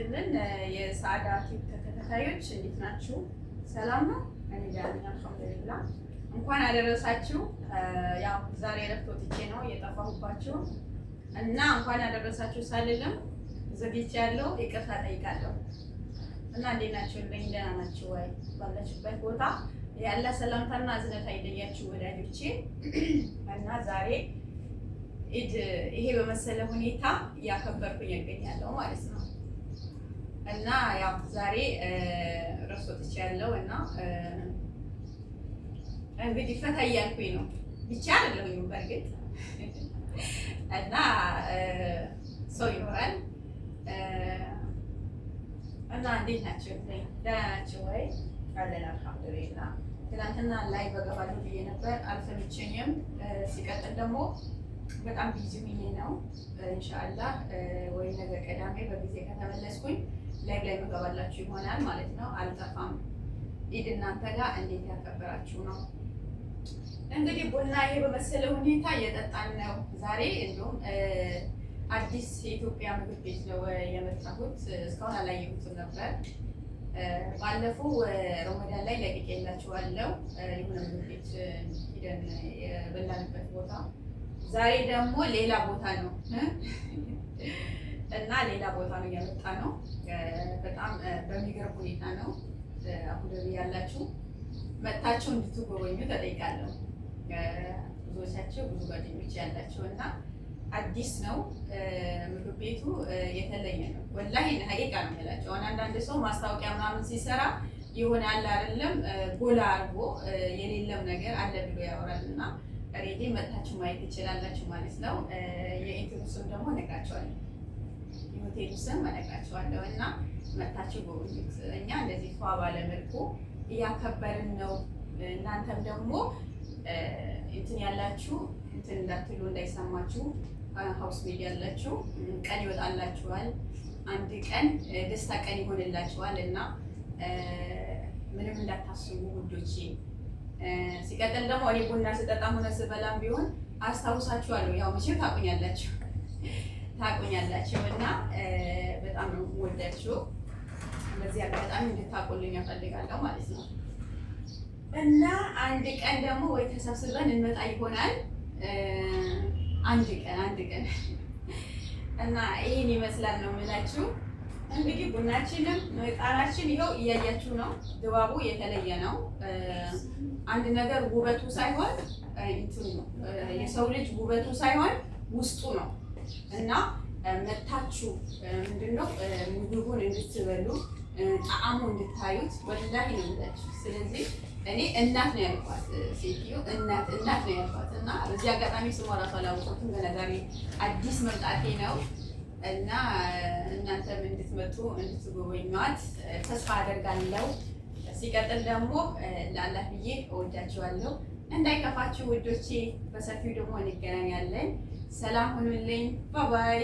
ይስጥልን የሳዳ ቲዩብ ተከታታዮች እንዴት ናችሁ? ሰላም ነው? እኔ ደህና ነኝ እንኳን አደረሳችሁ። ያው ዛሬ እረፍት ወጥቼ ነው የጠፋሁባችሁ እና እንኳን አደረሳችሁ ሳልልም ዘግቼ ያለው ይቅርታ ጠይቃለሁ እና እንዴት ናችሁ? ልኝ ደህና ናችሁ ወይ? ባላችሁበት ቦታ ያለ ሰላምታና እዝነት አይለያችሁ ወዳጆቼ እና ዛሬ ኢድ ይሄ በመሰለ ሁኔታ እያከበርኩኝ ያገኛለሁ ማለት ነው። እና ያው ዛሬ ራስ ወጥቼ ያለው እና እንግዲህ ፈታ እያልኩኝ ነው ብቻ አይደለሁም በእርግጥ እና ሰው ይኖራል እና እንዴት ናቸው? ደህና ናቸው ወይ? አለን አልሐምዱሊላ። ትናንትና ላይ በገባለሁ ብዬ ነበር አልተመቸኝም። ሲቀጥል ደግሞ በጣም ቢዚ ብዬ ነው። ኢንሻአላህ ወይ ነገ ቅዳሜ በጊዜ ከተመለስኩኝ ላይ ላይ መገባላችሁ ይሆናል ማለት ነው። አልጠፋም። ኢድ እናንተ ጋር እንዴት ያከበራችሁ ነው? እንግዲህ ቡና ይሄ በመሰለ ሁኔታ እየጠጣን ነው። ዛሬ እንዲሁም አዲስ የኢትዮጵያ ምግብ ቤት ነው የመጣሁት። እስካሁን አላየሁትም ነበር። ባለፈው ረመዳን ላይ ለቅቄላችኋለሁ፣ የሆነ ምግብ ቤት ሂደን የበላንበት ቦታ። ዛሬ ደግሞ ሌላ ቦታ ነው እና ሌላ ቦታ ነው እያመጣ ነው። በጣም በሚገርም ሁኔታ ነው። አቡዳቢ ያላችሁ መጥታችሁ እንድትጎበኙ ተጠይቃለሁ። ብዙዎቻቸው ብዙ ጓደኞች ያላቸው እና አዲስ ነው ምግብ ቤቱ የተለየ ነው። ወላሂ ሀቂቃ ነው ያላቸው። አሁን አንዳንድ ሰው ማስታወቂያ ምናምን ሲሰራ የሆነ አለ አይደለም ጎላ አድርጎ የሌለም ነገር አለ ብሎ ያወራል እና ሬዲ መታችሁ ማየት ይችላላችሁ ማለት ነው። የኢንትኑስም ደግሞ ነግራቸዋለን። የሆቴሉ ስም እነግራቸዋለሁ እና መታችሁ እኛ እንደዚህ ፏ ባለመልኩ እያከበርን ነው። እናንተም ደግሞ እንትን ያላችሁ እንትን እንዳትሉ እንዳይሰማችሁ፣ ሀውስ ሜድ ያላችሁ ቀን ይወጣላችኋል። አንድ ቀን ደስታ ቀን ይሆንላችኋል እና ምንም እንዳታስቡ ውዶቼ። ሲቀጥል ደግሞ እኔ ቡና ስጠጣም ሆነ ስበላም ቢሆን አስታውሳችኋለሁ። ያው መቼም ታቁኛላችሁ ታቆኛላችሁ እና በጣም ነው ወዳችሁ። በዚህ አጋጣሚ እንድታቆልኝ እፈልጋለሁ ማለት ነው እና አንድ ቀን ደግሞ ወይ ተሰብስበን እንመጣ ይሆናል። አንድ ቀን አንድ ቀን እና ይህን ይመስላል ነው የምላችሁ። እንግዲህ ቡናችንም ጣራችን ይኸው እያያችሁ ነው። ድባቡ የተለየ ነው። አንድ ነገር ውበቱ ሳይሆን የሰው ልጅ ውበቱ ሳይሆን ውስጡ ነው። እና መታችሁ ምንድነው ምግቡን እንድትበሉ ጣዕሙ እንድታዩት ወላሂ ነው የምላችሁ። ስለዚህ እኔ እናት ነው ያልኳት ሴትዮ እናት እናት ነው ያልኳት እና በዚህ አጋጣሚ ስሟ እራሱ አላወቁትም። በነጋሪ አዲስ መምጣቴ ነው እና እናንተም እንድትመጡ እንድትጎበኟት ተስፋ አደርጋለሁ። ሲቀጥል ደግሞ ለአላህ ብዬ እወዳችኋለሁ። እንዳይከፋችሁ ውዶቼ፣ በሰፊው ደግሞ እንገናኛለን። ሰላም ሁኑልኝ። ባባይ